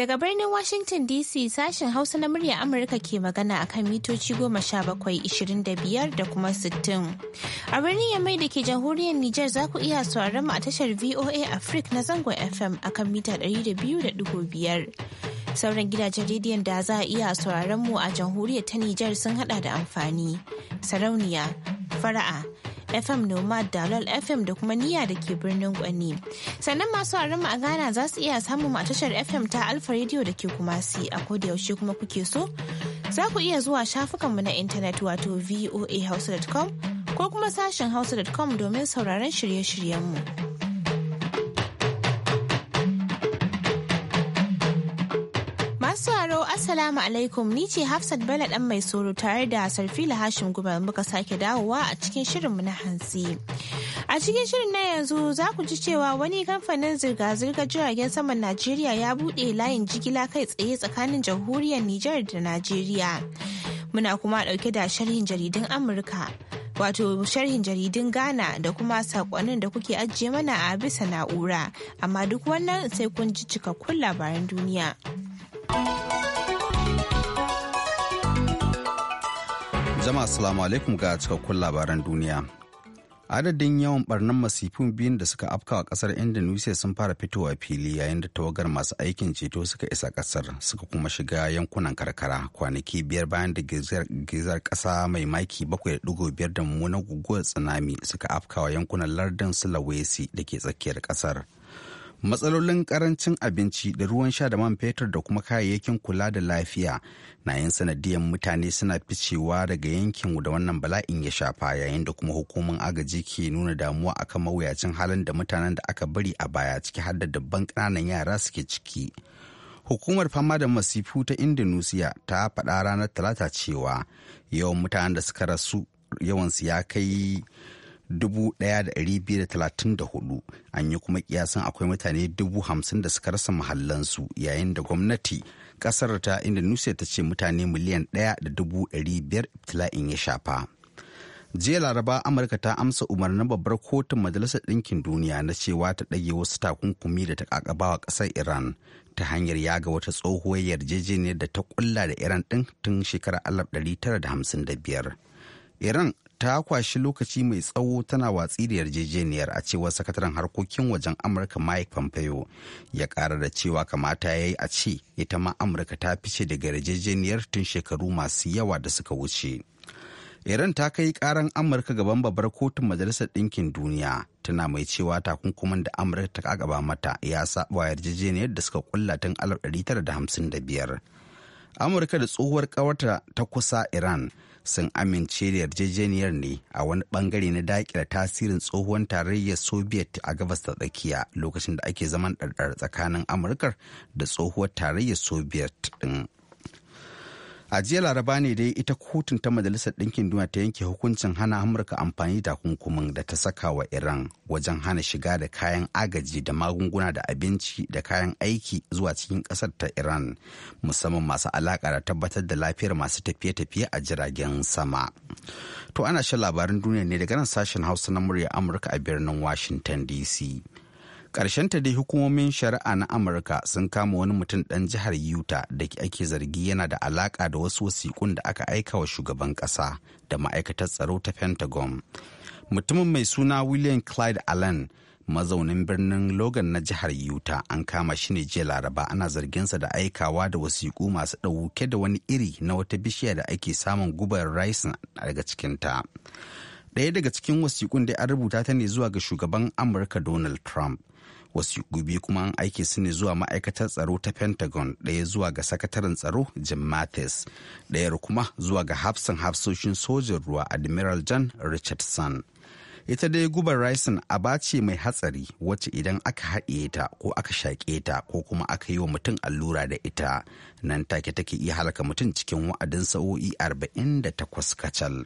Daga birnin Washington DC sashen Hausa na murya Amurka ke magana akan mitoci goma sha bakwai ishirin da biyar da kuma sittin. A birnin Yamai da ke jamhuriyar Nijar za ku iya sauraron mu a tashar VOA Africa na zangon FM a kan mita ɗari da biyu da ɗigo biyar. Sauran gidajen rediyon da za a iya sauraron mu a jamhuriyar ta Nijar sun haɗa da amfani, sarauniya, fara'a, FM Nomad da LOL FM da kuma Niyya da ke birnin Kwani. Sannan masu mu a Ghana za su iya samun a tashar FM ta Alfa Radio da ke Kumasi a yaushe kuma kuke so. Za ku iya zuwa shafukanmu na intanet wato voahouse.com ko kuma sashen hausa.com domin sauraron shirye-shiryenmu. yau Assalamu alaikum ni ce Hafsat Bello dan mai soro tare da Sarfila Hashim Guba muka sake dawowa a cikin shirinmu na hantsi. A cikin shirin na yanzu za ku ji cewa wani kamfanin zirga-zirgar jiragen saman Najeriya ya buɗe layin jigila kai tsaye tsakanin jamhuriyar Nijar da Najeriya. Muna kuma ɗauke da sharhin jaridun Amurka. wato sharhin jaridun Ghana da kuma sakonnin da kuke ajiye mana a bisa na'ura, amma duk wannan sai kun ji cikakkun labaran duniya. Jama'a assalamu alaikum ga cikakkun labaran duniya. Adadin yawan barnan masifin biyun da suka afka afkawa kasar Indonesia sun fara fitowa fili yayin da tawagar masu aikin ceto suka isa kasar suka kuma shiga yankunan karkara kwanaki biyar bayan da gizar kasa mai maki 7.5 da mummunan guguwar tsunami suka afkawa yankunan lardin Sulawesi da ke tsakiyar kasar. matsalolin karancin abinci da ruwan sha da man fetur da kuma kayayyakin kula da lafiya na yin sanadiyan mutane suna ficewa daga yankin da wannan bala'in ya shafa yayin da kuma hukumar agaji ke nuna damuwa akan mawuyacin halin da mutanen da aka bari a baya ciki har da dabban ƙananan yara suke ciki hukumar fama da masifu ta indonesia ta faɗa ranar talata cewa yawan mutanen da suka rasu yawansu ya kai 1,234 an yi kuma kiyasan akwai mutane 50,000 da suka rasa mahallansu yayin da gwamnati kasar ta indonesia ta ce mutane miliyan 1,500 ibtila'in ya shafa jiya laraba amurka ta amsa umarnin babbar kotun majalisar ɗinkin duniya na cewa ta ɗage wasu takunkumi da ta ƙaƙabawa ƙasar iran ta hanyar yaga wata tsohuwar yarjejeniyar da ta ƙulla da iran ɗin tun shekarar 1955 iran ta kwashi lokaci mai tsawo tana watsi da yarjejeniyar a cewar sakataren harkokin wajen amurka mike pompeo ya kara da cewa kamata ya yi a ce ita ma amurka ta fice daga yarjejeniyar tun shekaru masu yawa da suka wuce iran ta kai karan amurka gaban babbar kotun majalisar ɗinkin duniya tana mai cewa takunkuman da amurka ta kagaba mata ya saba yarjejeniyar da suka kulla tun 1955 amurka da tsohuwar kawarta ta kusa iran sun amince da yarjejeniyar ne a wani bangare na daƙila tasirin tsohuwar tarayyar soviet a gabas ta tsakiya lokacin da ake zaman ɗarɗar tsakanin amurkar da tsohuwar tarayyar soviet ɗin a jiya laraba ne dai ita kotun ta majalisar ɗinkin duniya ta yanke hukuncin hana amurka amfani da takunkumin da ta saka wa iran wajen hana shiga da kayan agaji da magunguna da abinci da kayan aiki zuwa cikin ƙasar ta iran musamman masu alaƙa da tabbatar da lafiyar masu tafiye-tafiye a jiragen sama to ana shan labarin duniya ne daga nan sashen hausa na murya amurka a birnin washington dc karshen ta dai hukumomin shari'a na amurka sun kama wani mutum ɗan jihar utah da ake zargi yana da alaƙa da wasu wasiƙun da aka aika wa shugaban ƙasa da ma'aikatar tsaro ta pentagon mutumin mai suna william clyde allen mazaunin birnin logan na jihar utah an kama shi ne jiya laraba ana zarginsa da aikawa da wasiƙu masu ɗauke da wani iri na wata bishiya da ake samun gubar rice daga cikinta ɗaya daga cikin wasiƙun da an rubuta ta ne zuwa ga shugaban amurka donald trump wasu gobe kuma an aike su ne zuwa ma'aikatar tsaro ta pentagon ɗaya zuwa ga sakataren tsaro jim mathis ɗayar kuma zuwa ga hafsan hafsoshin sojin ruwa admiral john richardson ita dai gubar rison aba ce mai hatsari wacce idan aka haɗe ta ko aka shaƙe ta ko kuma aka yi wa mutum allura da ita nan take take iya halaka mutum cikin wa'adin sa'o'i takwas kacal.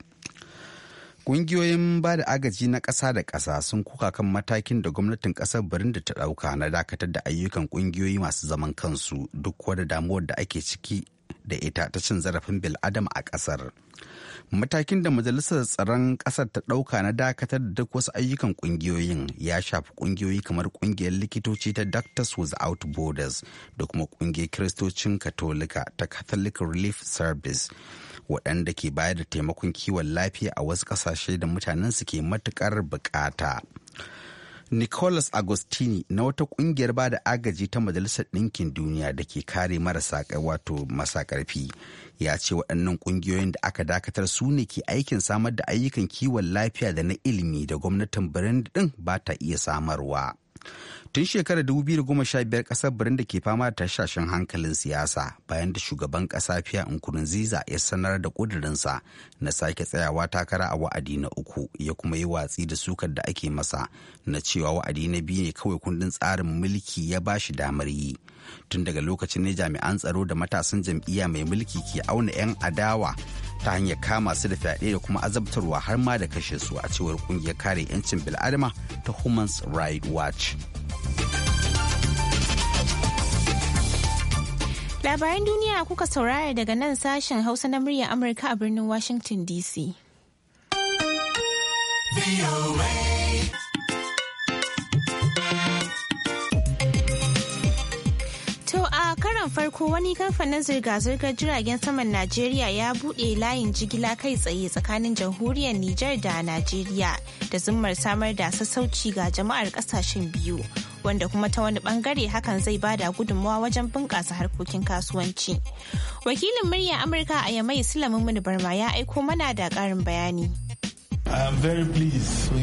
Ƙungiyoyin ba da agaji na ƙasa da ƙasa sun kuka kan matakin da gwamnatin ƙasar birnin da ta ɗauka na dakatar da ayyukan ƙungiyoyi masu zaman kansu duk wani damuwar da ake ciki da ita ta cin zarafin bil'adama a ƙasar. Matakin da Majalisar Tsaron Ƙasar ta ɗauka na dakatar da duk wasu ayyukan ƙungiyoyin ya shafi ƙungiyoyi kamar ƙungiyar likitoci ta Doctors Without Borders da kuma ƙungiyar Kiristocin Katolika ta Catholic Relief Service. waɗanda ke bayar da taimakon kiwon lafiya a wasu ƙasashe da mutanen su ke matuƙar buƙata. Nicholas Agostini na wata ƙungiyar ba da agaji ta Majalisar Ɗinkin Duniya da ke kare marasa wato masa ƙarfi ya ce waɗannan ƙungiyoyin da aka dakatar su ne ke aikin samar da ayyukan kiwon lafiya da na ilimi da gwamnatin birnin din ba ta iya samarwa. tun shekarar 2015 kasar birnin da ke fama da tashashen hankalin siyasa bayan da shugaban kasa fiya nkurunziza ya sanar da kudurinsa na sake tsayawa takara a wa'adi na uku ya kuma yi watsi da sukar da ake masa na cewa wa'adi na biyu ne kawai kundin tsarin mulki ya ba shi damar yi tun daga lokacin ne jami'an tsaro da matasan jam'iyya mai mulki ke auna 'yan adawa ta hanyar kama su da fyaɗe da kuma azabtarwa har ma da kashe su a cewar ƙungiyar kare 'yancin bil'adama ta human rights watch labaran duniya kuka saurara daga nan sashen hausa na muryar amurka a birnin washington dc farko wani kamfanin zirga-zirgar jiragen saman Najeriya ya buɗe layin jigila kai tsaye tsakanin jamhuriyar Nijar da Najeriya da zummar samar da sassauci ga jama'ar kasashen biyu wanda kuma ta wani bangare hakan zai bada gudunmawa wajen bunƙasa harkokin kasuwanci. Wakilin murya Amurka a Yamai Sulaiman Barma ya aiko mana da ƙarin bayani. am very pleased to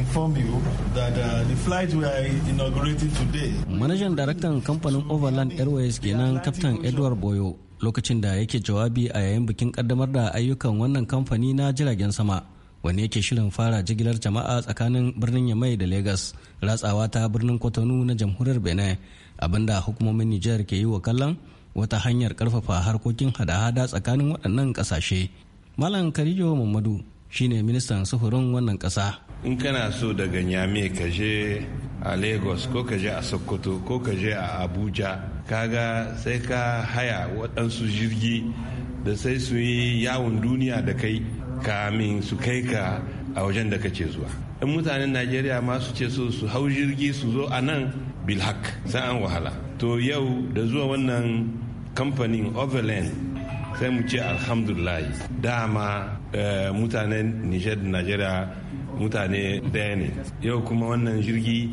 uh, Manajan daraktan kamfanin Overland Airways kenan kaftan Edward Boyo lokacin da yake jawabi a yayin bikin kaddamar da ayyukan wannan kamfani na jiragen sama. wanne yake shirin fara jigilar jama'a tsakanin birnin yamai da lagos ratsawa ta birnin kwatano na jamhuriyar benin abinda hukumomin nijar ke yi wa kallon wata hanyar karfafa harkokin hada-hada tsakanin waɗannan kasashe malam karijo mamadu shine ministan sufurin wannan ƙasa. in kana so daga nyame ka je a lagos ko ka je a sokoto ko ka je a abuja kaga sai ka haya waɗansu jirgi da sai su yi yawon duniya da kai kamin su kai ka a wajen da kace zuwa in mutanen najeriya ma su ce so su hau jirgi su zo a nan bilhak sai an wahala to yau da zuwa wannan kamfanin overland sai mu ce alhamdulillah dama Eh, mutanen nijar da najeriya mutane daya ne yau kuma wannan jirgi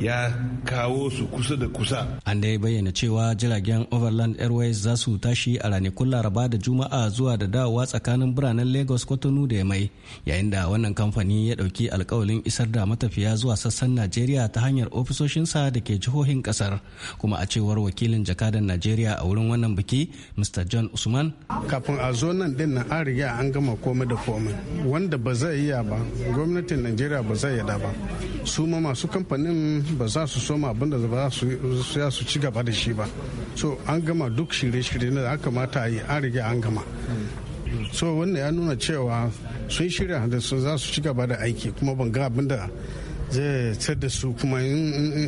ya kawo su kusa da kusa. An dai bayyana cewa jiragen Overland Airways za su tashi a ranakun Laraba da Juma'a zuwa da dawowa tsakanin biranen Lagos, Kotonu da mai yayin da wannan kamfani ya ɗauki alkawalin isar da matafiya zuwa sassan Najeriya ta hanyar ofisoshinsa da ke jihohin kasar Kuma a cewar wakilin jakadan Najeriya a wurin wannan biki, Mr. John Usman. Kafin a zo nan din nan an riga an gama komai da komai. Wanda ba zai iya ba, gwamnatin Najeriya ba zai yada ba. Su ma masu kamfanin ba za su soma abin da ba za su ci gaba da shi ba so an gama duk shirye-shirye da aka mata yi an riga an gama so wannan ya nuna cewa sun shirya da su za su ci gaba da aiki kuma ban ga abin da zai tsar da su kuma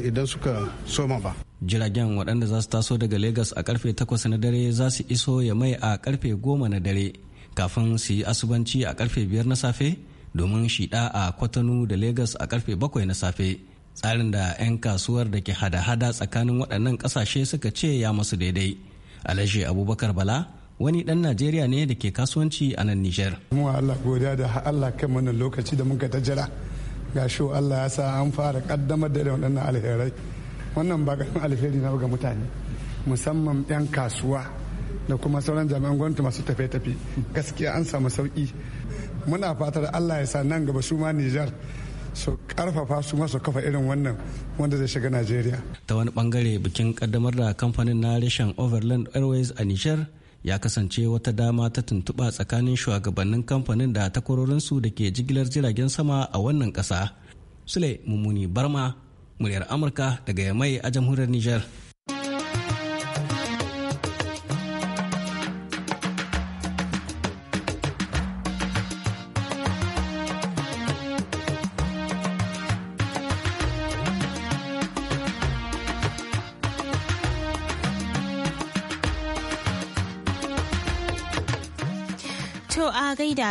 idan suka soma ba jiragen waɗanda za su taso daga lagos a karfe 8 na dare za su iso ya mai a karfe 10 na dare kafin su yi asubanci a karfe 5 na safe domin shida a kwatano da lagos a karfe 7 na safe tsarin da 'yan kasuwar da ke hada-hada tsakanin waɗannan ƙasashe suka ce ya masu daidai alashe abubakar bala wani ɗan najeriya ne da ke kasuwanci a nan nijar mu allah godiya da allah kan wannan lokaci da muka ta jira ga shi allah ya sa an fara kaddamar da waɗannan alherai wannan ba ƙarfin alheri na ga mutane musamman 'yan kasuwa da kuma sauran jami'an gwamnati masu tafe-tafe gaskiya an samu sauƙi muna fatar allah ya sa nan gaba su ma nijar su karfafa su masu kafa irin wannan wanda zai shiga najeriya ta wani bangare bikin kaddamar da kamfanin na reshen overland airways a nijar ya kasance wata dama ta tuntuɓa tsakanin shugabannin kamfanin da takwarorinsu da ke jigilar jiragen sama a wannan ƙasa sule mummuni barma muryar amurka daga yamai a jamhuriyar nijar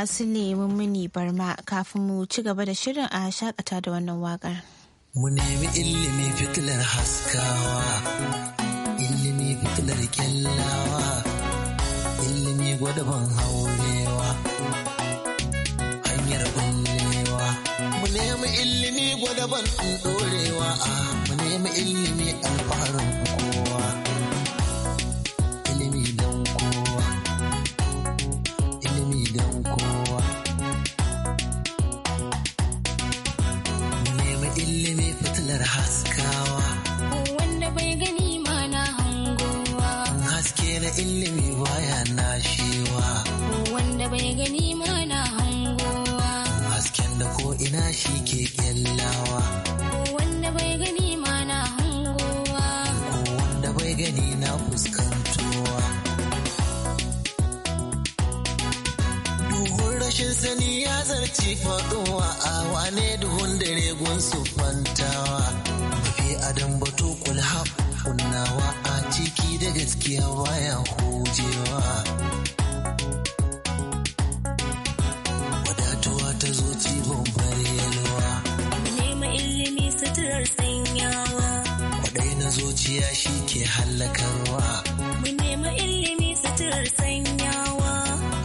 sule mummuni barma kafin mu ci gaba da shirin a shakata da wannan wakar. Mu nemi ilimi fitilar haskawa, ilimi fitilar kyallawa, ilimi gwadaban haurewa, hanyar bullewa. Mu nemi ilimi gwadaban ɗorewa, ah, mu nemi ilimi alfahari. zuciya shi ke hallakarwa mu nemi ilimi suturar sanyawa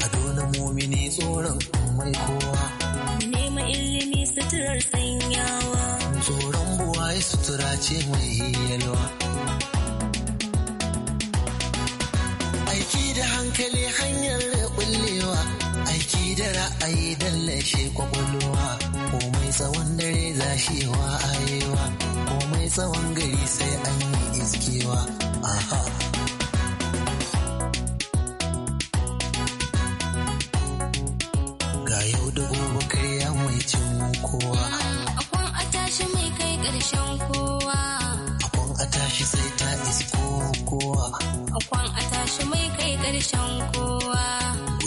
a dole mumini tsoron mai kowa mu nemi ilimi suturar sanyawa tsoron buwaye sutura ce mai yalwa aiki da hankali hanyar kullewa aiki da ra'ayi dallashe kwakwalwa komai tsawon dare zashewa a yau tsawon gari sai an yi iskewa aha ga yau da gobe ya mai cin kowa Akwai a tashi mai kai ƙarshen kowa Akwai a tashi sai ta isko kowa Akwai a tashi mai kai ƙarshen kowa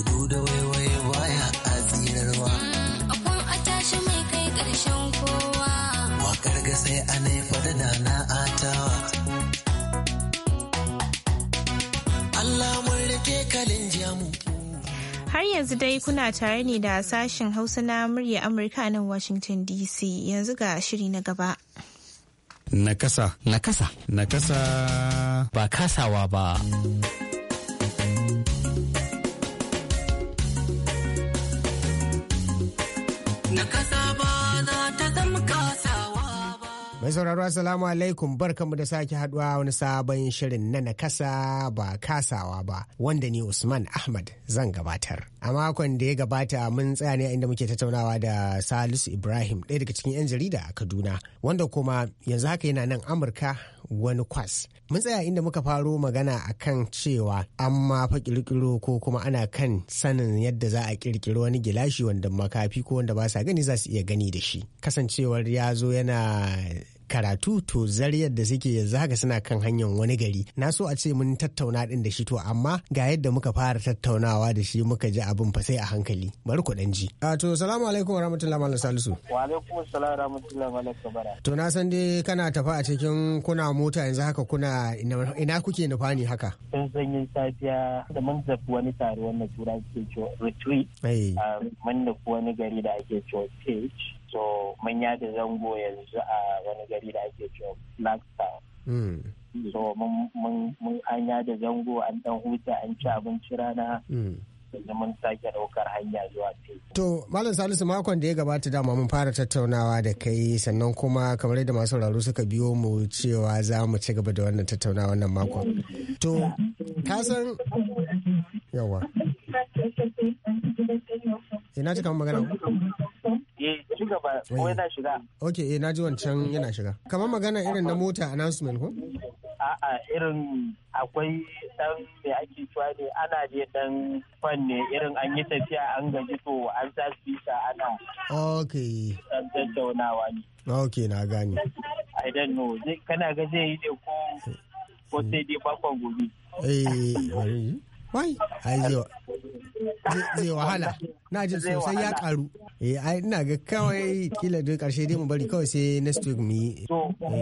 gudu da waiwaye baya a tsirarwa mm, akwan a mai kai ƙarshen kowa sai a naifa da na atawa. Allah mun rike kalin jamu. Har yanzu dai kuna tare ne da sashen Hausa na murya Amurka nan Washington DC yanzu ga shiri na gaba. Nakasa. Nakasa. Nakasa. Ba kasawa ba. Mai sauraro Assalamu alaikum barkanmu da sake haduwa wani sabon shirin na nakasa ba kasawa ba wanda ni Usman Ahmad zan gabatar. A makon da ya gabata mun tsaya ne inda muke tattaunawa da Salisu Ibrahim ɗaya daga cikin 'yan jarida a Kaduna wanda kuma yanzu haka yana nan Amurka wani kwas. Mun tsaya inda muka faro magana a kan cewa an ma fa kirkiro ko kuma ana kan sanin yadda za a kirkiro wani gilashi wanda makafi ko wanda ba sa gani za su iya gani da shi. Kasancewar ya zo yana karatu to zariyar da suke yanzu haka suna kan hanyar wani gari na so a ce mun tattauna din da shi to amma ga yadda muka fara tattaunawa da shi muka ji abin fa sai a hankali bari ku dan ji a ah, to salamu alaikum warahmatullahi malam salisu wa alaikum assalam warahmatullahi malam kabara to na san dai kana tafa a cikin kuna mota yanzu haka kuna ina kuke nufa ne haka sun sanyin safiya da mun tafi wani taro wannan turanci ke cewa retreat ah, mun nufi wani gari da ake cewa stage so mun yada zango yanzu a wani gari da ake cewa flagstaff hmm. so mun an yada zango an dan huta an ci abinci rana hmm. yanzu mun sake daukar hanya zuwa teku. To, Malam Salisu makon da ya gabata dama mun fara tattaunawa da kai sannan kuma kamar yadda masu sauraro suka biyo mu cewa za mu ci gaba da wannan tattaunawa wannan makon. To, ka san yawa. Ina cika magana. ko yana shiga okay eh ji wancan yana shiga kamar magana irin na mota announcement ko a'a irin akwai dan me ake cewa ne ana da dan fanne irin an yi tafiya an gaji to an sa spika ana okay dan tattaunawa ne okay na gane i don't know kana ga zai yi ne ko ko sai dai bakon gobe eh wai ai zai wahala na ji sosai ya karu eh ai ina ga kawai kila da karshe dai mu bari kawai sai next week mu yi to eh.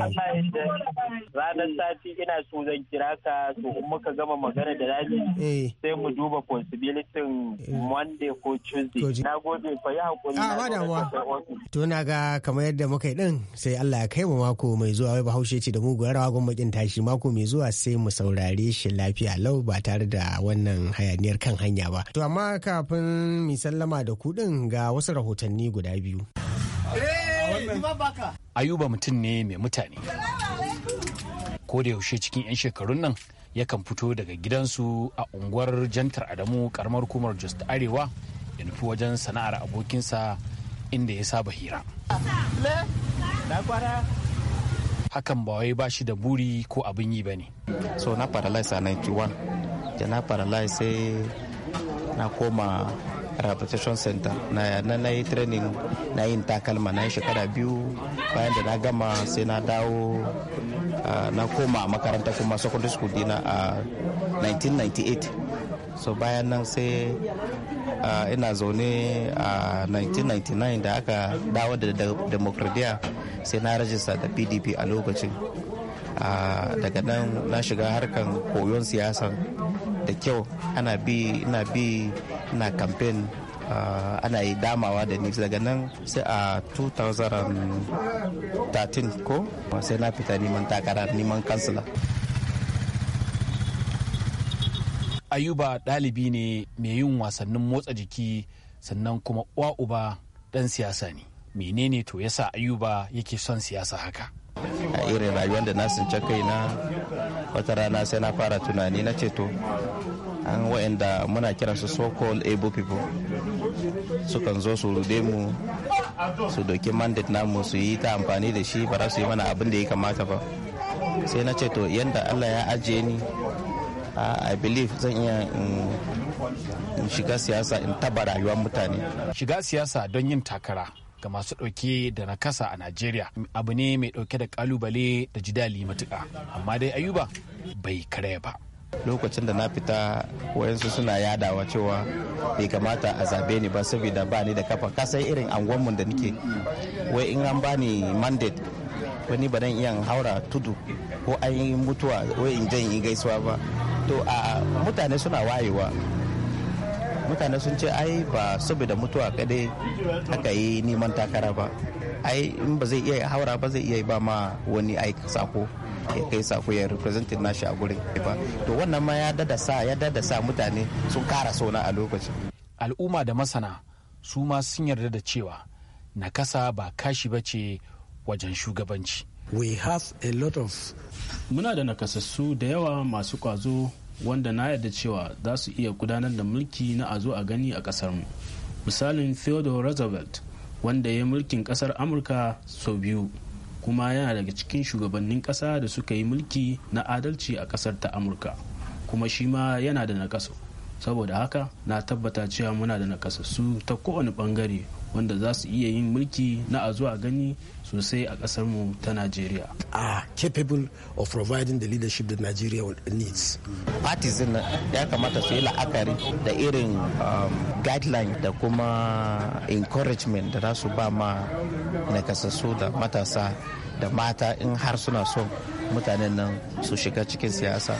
ranar sati ina so zan kira ka to in muka gama magana da rani eh. sai mu duba possibility eh. monday ko tuesday na gode fa ya hakuri a ah, ba damuwa to na ga kamar yadda muka yi din sai Allah ya kai mu mako mai zuwa wai bahaushe ce da mu rawa gon bakin tashi mako mai zuwa sai mu saurare shi lafiya lau ba tare da wannan hayaniyar kan hanya ba to amma kafin misali sallama da kuɗin ga wasu rahotanni guda biyu. Ayuba mutum ne mai mutane. Ko da yaushe cikin 'yan shekarun nan yakan fito daga gidansu a unguwar jantar Adamu karamar kumar just Arewa ya nufi wajen sana'ar abokinsa inda ya saba hira. Hakan ba wai ba shi da buri ko abin yi ba ne. So na paralyze a 91, da na paralyze sai na koma rehabilitation center na na yi training na yin takalma na shekara biyu bayan da na gama sai na dawo na koma makaranta kuma secondary school dina a 1998 so bayan nan sai ina zaune a 1999 da aka dawo da demokradiyya sai na rajista da pdp a lokacin daga nan na shiga harkan koyon siyasa da kyau ana bi ina bi na campaign uh, ana yi damawa da ni daga nan sai a 2013 ko sai na fita neman takara neman kansila ayuba ɗalibi ne mai yin wasannin motsa jiki sannan kuma uwa uba ɗan siyasa ne menene to yasa ayuba yake son siyasa haka a irin rayuwar da na kai na wata rana sai na fara tunani na ce to an wa'anda muna kiran su so called able people sukan zo su rude mu su doki mandate namu su yi ta amfani da shi ba su yi mana abin da ya kamata ba sai na ce to yadda allah ya ajiye ni i believe zan iya in shiga siyasa in taba rayuwar mutane shiga siyasa don yin takara ga masu ɗauke da nakasa a Najeriya abu ne mai ɗauke da ƙalubale da jidali matuƙa amma dai ayuba bai karaya ba. lokacin da na fita wayansu suna yadawa cewa bai kamata a zabe ni ba saboda ba ni da kafa kasai irin anguwanmu da nike wai in an bani mandate wani ba dan iya haura tudu ko an yi mutuwa wai in jan yi gaisuwa ba to a mutane suna wayewa mutane sun ce ai ba saboda mutuwa kadai aka yi neman takara ba ai in ba zai iya haura ba zai iya ba ma wani ai sako ya kai sako ya representin nashi a gurin ba to wannan ma ya dada sa ya dada sa mutane sun kara sona a lokacin al'umma da masana su ma sun yarda da cewa nakasa ba kashi ba ce wajen shugabanci we have a lot of muna da nakasassu da yawa masu kwazo wanda na yarda cewa za su iya gudanar da mulki na azo a gani a kasar mu misalin theodore roosevelt wanda ya mulkin kasar amurka sau biyu kuma yana daga cikin shugabannin kasa da suka yi mulki na adalci a kasar ta amurka kuma shi ma yana da nakasu saboda haka na tabbata cewa muna da nakasassu ta kowane bangare wanda za su iya yin mulki na a zuwa gani sosai a kasar mu ta Najeriya. Are capable of providing the leadership that Nigeria needs. Parties din ya kamata su yi la'akari da irin um, guideline da kuma encouragement da za su ba ma nakasassu da matasa da mata in har suna son mutanen nan su shiga cikin siyasa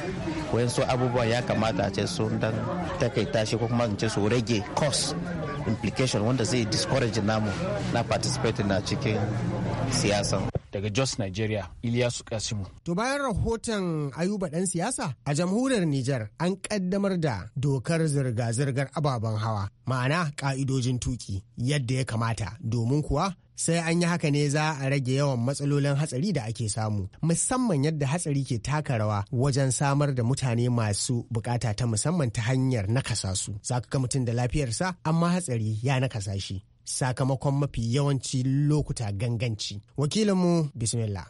wayan su abubuwa ya kamata a ce sun dan takaita shi ko kuma in ce su rage cost implication wanda zai discourage namu na participate na cikin siyasa. Daga Jos Nigeria, Ilyasu Kasimu. To bayan rahoton Ayuba ɗan siyasa a jamhuriyar Nijar an ƙaddamar da dokar zirga-zirgar ababen hawa ma'ana ƙa'idojin tuki yadda ya kamata domin kuwa sai an yi haka ne za a rage yawan matsalolin hatsari da ake samu musamman yadda hatsari ke taka rawa wajen samar da mutane masu bukata ta musamman ta hanyar nakasa su za ga mutum da lafiyarsa amma hatsari ya nakasa shi sakamakon mafi yawanci lokuta ganganci wakilinmu bismillah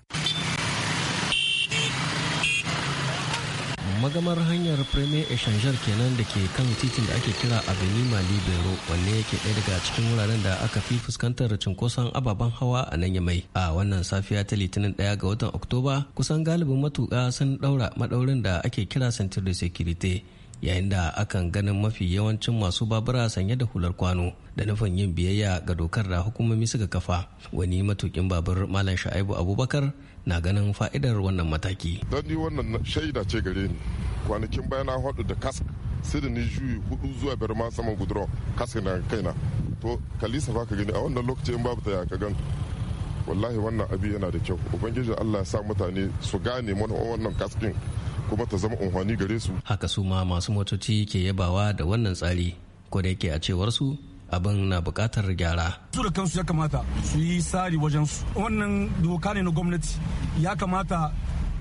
magamar hanyar premier exchanger kenan da ke kan titin da ake kira avenima libero wanne yake ɗaya daga cikin wuraren da aka fi fuskantar cinkoson ababen hawa a nan yamai a wannan safiya ta litinin ɗaya ga watan oktoba kusan galibin matuƙa sun ɗaura maɗaurin da ake kira Centre de securite yayin da akan ganin mafi yawancin masu babura sanye da hular kwano da nufin yin biyayya ga dokar da hukumomi suka kafa wani matukin babur malam sha'ibu abubakar na ganin fa'idar wannan mataki don ni wannan shaida ce gare ni kwanakin bayan na hudu da kask sai da ni juyi hudu zuwa biyar ma saman gudurau kask na kaina to kalisa ba ka gani a wannan lokacin babu ta ya ka gan wallahi wannan abi yana da kyau ubangiji allah ya sa mutane su gane mana wannan kaskin kuma ta zama amfani gare su haka su ma masu motoci ke yabawa da wannan tsari ko da yake a cewar su abin na bukatar gyara. Su da kansu ya kamata su yi tsari wajen su. Wannan doka ne na gwamnati ya kamata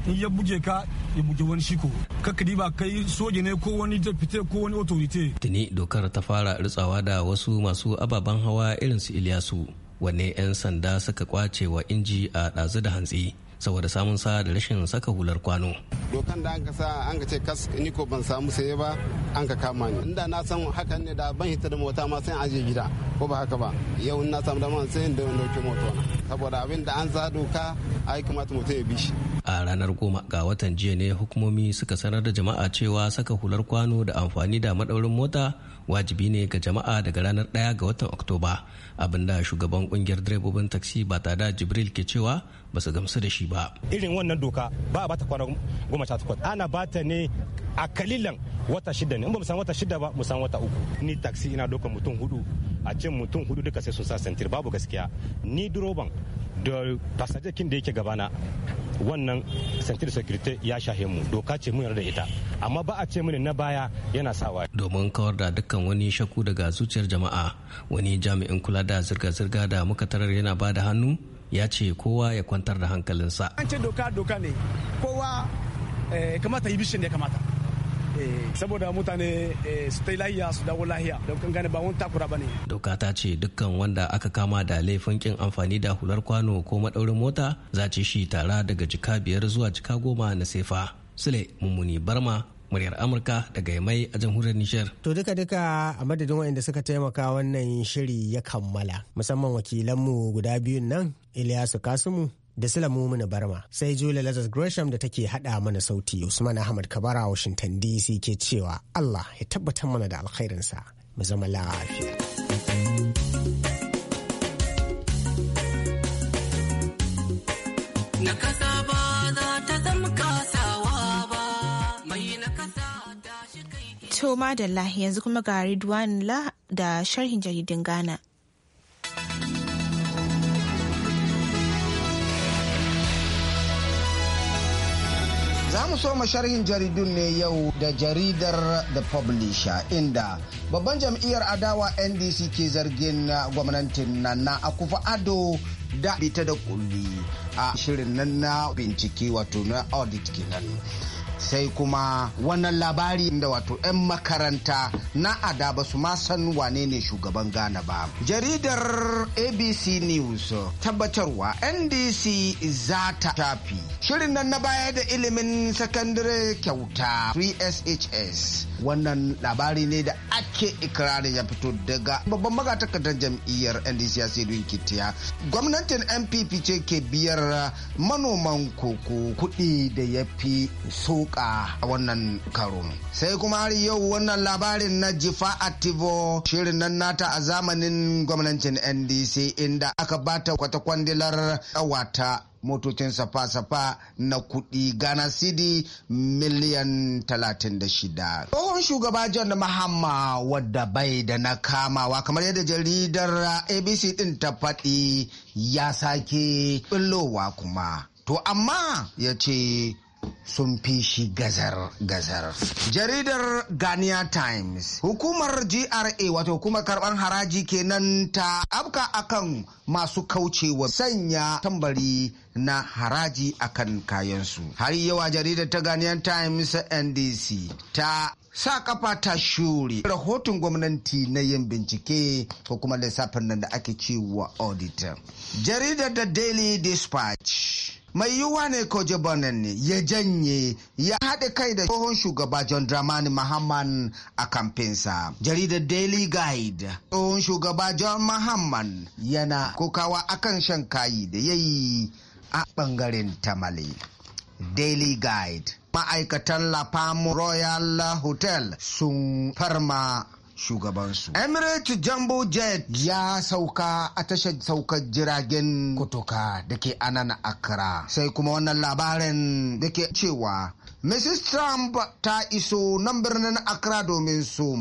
in ya buge ka ya buge wani shiko. Kakadi ba kai soja ne ko wani fite ko wani otorite. Tuni dokar ta fara ritsawa da wasu masu ababen hawa irin su Iliyasu. Wanne 'yan sanda suka kwace wa inji a ɗazu da hantsi. saboda samun sa da rashin saka hular kwano dokan da an ka sa an ka ce kas ni ko ban samu saye ba an ka kama ni inda na san hakan ne da ban hita da mota ma sai aje gida ko ba haka ba yau na samu dama sai in dauki mota saboda abin da an za doka ai kamata mutum ya bi shi a ranar goma ga watan jiya ne hukumomi suka sanar da jama'a cewa saka hular kwano da amfani da madaurin mota wajibi ne ga jama'a daga ranar 1 ga watan oktoba abinda shugaban kungiyar direbobin taksi ba ta da jibril ke cewa ba su gamsu da shi ba irin wannan doka ba a bata kwana goma sha takwas ana bata ne a kalilan wata shida ne in ba mu san wata shida ba mu san wata uku ni taksi ina dokan mutum hudu a ce mutum hudu duka sai sun sa sentir babu gaskiya ni duroban da fasajekin da yake gabana wannan santir security ya shahe mu doka ce mu da ita amma ba a ce mini na baya yana sawa domin kawar da dukkan wani shaku daga zuciyar jama'a wani jami'in kula da zirga-zirga da muka tarar yana ba da hannu ya ce kowa ya kwantar da hankalinsa an ce doka doka ne kowa eh, kamata yi bishin ya kamata Eh, saboda mutane eh, su ta yi lahiya su dawo lahiya don kan gane ba wani takura ba ne. Doka ta ce dukkan wanda aka kama da laifin kin amfani da hular kwano ko maɗaurin mota za ci shi tara daga jika biyar zuwa jika goma na sefa. Sule Mummuni Barma muryar Amurka daga mai a jamhuriyar Nijar. To duka duka a madadin waɗanda suka taimaka wannan shiri ya kammala musamman wakilanmu guda biyun nan iliyasu Kasumu da silamu Mumuna Barma sai Julia Lazarus Gresham da take hada mana sauti Usman Ahmad Kabara Washington DC ke cewa Allah ya tabbatar mana da alkhairinsa mu zama lafiya. Na da shi To madalla yanzu kuma ga Ridwan da sharhin jaridin Ghana. Za mu so sharhin jaridun ne yau da jaridar The Publisher inda babban jam'iyyar adawa NDC ke zargin uh, gwamnatin nan na akufa ado da bita da kulli a shirin nan na bincike wato na audit kenan. sai kuma wannan labari da wato 'yan makaranta na ada ba su ma san wane ne shugaban ghana ba jaridar abc news tabbatarwa ndc za ta tafi shirin nan na baya da ilimin sakandare kyauta 3shs wannan labari ne da ake ikirarin ya fito daga babban magatakardar jam'iyyar ndc sedun kitiya gwamnatin npp ce ke biyar manoman koko kuɗi da ya fi soka a wannan karo sai kuma har yau wannan labarin na jifa ativo shirin nan nata a zamanin gwamnatin ndc inda aka bata kwata kwandilar wata motocin safa-safa na kudi Ghana sidi miliyan 36. Tsohon shugaba John Mahama wadda bai da na kamawa kamar yadda jaridar ABC ɗin ta faɗi ya sake ɓillowa kuma. To amma ya ce sun fi shi gazar-gazar. Jaridar Ghana Times, hukumar GRA wato kuma karban haraji kenan ta abka akan masu kaucewa sanya tambari na haraji akan kayansu. Har yawa jaridar ta Ghana Times NDC ta sa kafa ta shuri rahoton gwamnati na yin bincike ko kuma lissafin nan da ake cewa auditor jaridar da daily dispatch mai yiwuwa ne koje bonan ya janye ya haɗe kai da tsohon shugaba john dramani mahamman a kamfensa jaridar daily guide tsohon shugaba john mahamman yana kokawa akan shan kayi da ya yi a ɓangaren tamale daily guide ma'aikatan La Palme Royal Hotel sun farma shugabansu. Emirates Jumbo Jet ya sauka a tashar saukar jiragen kutuka da ke anan Accra. Sai kuma wannan labarin da ke cewa Mrs. Trump ta iso nan birnin Accra domin su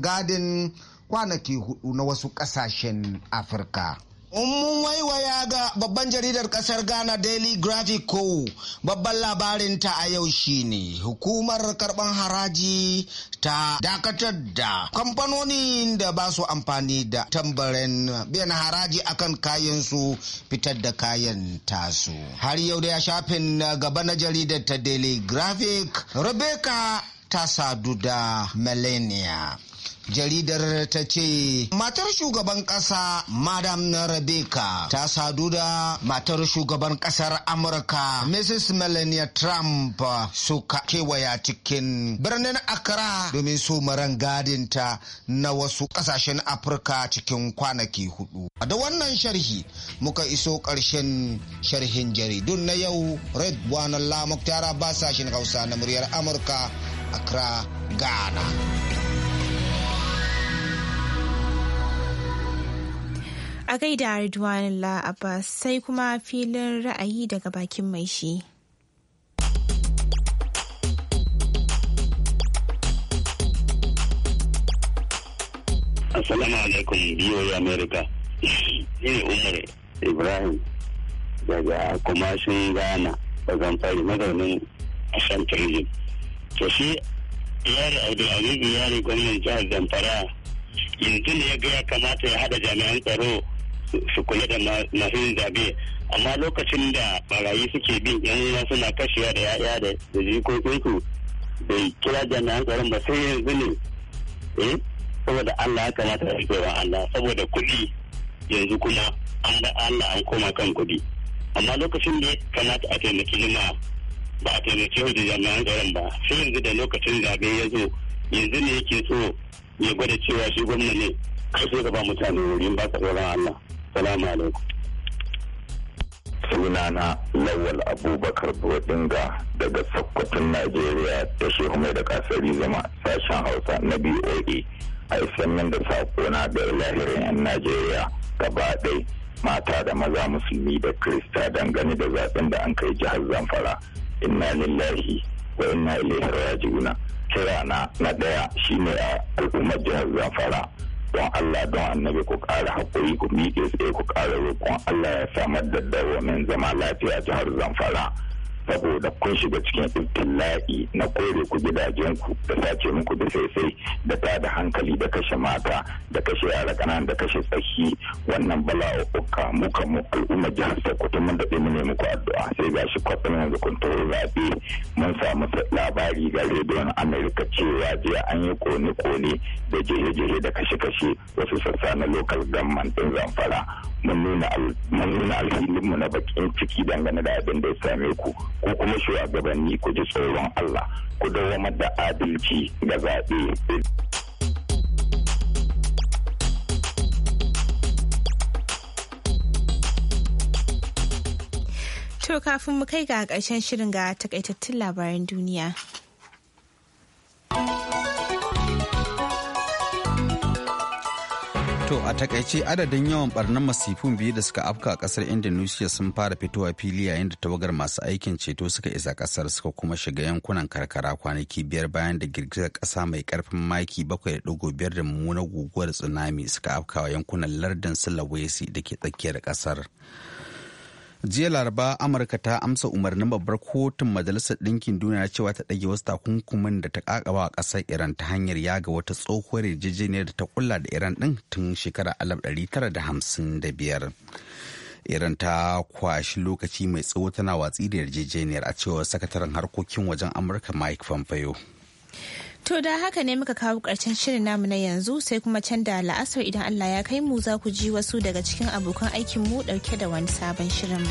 gadin kwanaki hudu na wasu kasashen Afirka. In mun waiwaya ga babban jaridar kasar Ghana Daily Graphic ko babban labarinta a yau shine hukumar karban haraji ta dakatar da kamfanoni da ba su amfani da tambarin biyan haraji akan kayan su fitar da kayan tasu. Har yau da ya shafin gaba na jaridar ta Daily Graphic Rebecca ta sadu da Melania. jaridar ta ce matar shugaban ƙasa madam na rebecca ta sadu da matar shugaban ƙasar amurka mrs melania trump suka kewaya cikin birnin accra domin su maran gadinta na wasu ƙasashen afirka cikin kwanaki hudu da wannan sharhi muka iso ƙarshen sharhin jaridun na yau red lamuk tara ba sashen hausa na muryar amurka accra ghana A gaida Ridwanullah Abbas sai kuma filin ra'ayi daga bakin mai shi. Assalamu alaikum biyoyi Amerika. Ni Umar Ibrahim daga kumashin Ghana wajen fari mazaunin Ashanti To shi Yari Abdulaziz Yari gwamnan jihar Zamfara yanzu ne ya ga ya kamata ya haɗa jami'an tsaro su kula da masu zabe amma lokacin da barayi suke bin yan uwa suna kashewa da ya'ya da jikokinsu bai kira jami'an tsaron ba sai yanzu ne eh saboda Allah ya kamata a rike wa Allah saboda kuɗi yanzu kuma an da Allah an koma kan kuɗi amma lokacin da ya kamata a taimaki lima ba a taimaki da jami'an tsaron ba sai yanzu da lokacin zabe ya zo yanzu ne yake so ya gwada cewa shi gwamna ne kai sai ka ba mutane wurin ba ka tsoron Allah Salamu alaikum. sunana lawal abubakar bodinga daga sokoton najeriya da shehu mai da kasari zama sashen hausa na boa a isannin da sako na da lahirin 'yan najeriya gaba ɗai mata da maza musulmi da krista dangane da zaɓen da an kai jihar zamfara inna lillahi wa inna ilaihi raji'una kira na na ɗaya shine a al'ummar jihar zamfara don Allah don annabi ku ƙara haƙuri ku miƙe tsaye ku ƙara roƙon Allah ya samar da dawomin zama lafiya jihar Zamfara. saboda kun shiga cikin ibtila'i na kore ku gidajenku da sace muku da saisai da ta da hankali da kashe mata da kashe yara da kashe tsaki wannan bala'uka muka mu al'umma jihar sokoto mun daɗe mu muku addu'a sai gashi kwatsan yanzu kun taho zaɓe mun samu labari ga rediyon amerika cewa jiya an yi kone-kone da jehe-jehe da kashe-kashe wasu sassa na lokal government ɗin zamfara mun nuna mu na bakin ciki dangane da abin da ya same ku ko kuma shugabanni ku ji tsoron Allah ku dawamar da adalci ga zaɓe. To kafin mu kai ga ƙarshen shirin ga takaitattun labaran duniya. To a takaice adadin yawan barnan masifin biyu da suka afka a kasar Indonesia sun fara fitowa fili yayin da tawagar masu aikin ceto suka isa kasar suka kuma shiga yankunan karkara kwanaki biyar bayan da girgizar kasa mai karfin maki 7.5 da mummunar guguwar tsunami suka afkawa yankunan lardin Sulawesi da ke tsakiyar kasar. jiya laraba amurka ta amsa umarnin babbar kotun majalisar ɗinkin duniya cewa ta ɗage wasu takunkumin da ta kakaba a ƙasar iran ta hanyar yaga wata tsohuwar yarjejeniyar da ta kulla da iran ɗin tun shekarar 1955 iran ta kwashi lokaci mai tsawo tana watsi da yarjejeniyar a cewar sakataren harkokin wajen amurka mike pompeo To da haka ne muka kawo ƙarshen shirin namu na yanzu sai kuma can da la'asar idan Allah ya kai mu za ku ji wasu daga cikin abokan aikin mu ɗauke da wani sabon shirin.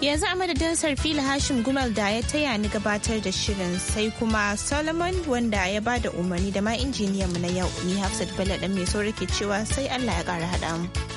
Yanzu a madadin sarfi Hashim Gumal da ya taya ni gabatar da shirin sai kuma Solomon wanda ya ba da umarni da ma injiniyan mu na yau ni Hafsat Bello dan mai saurake cewa sai Allah ya kara haɗa mu.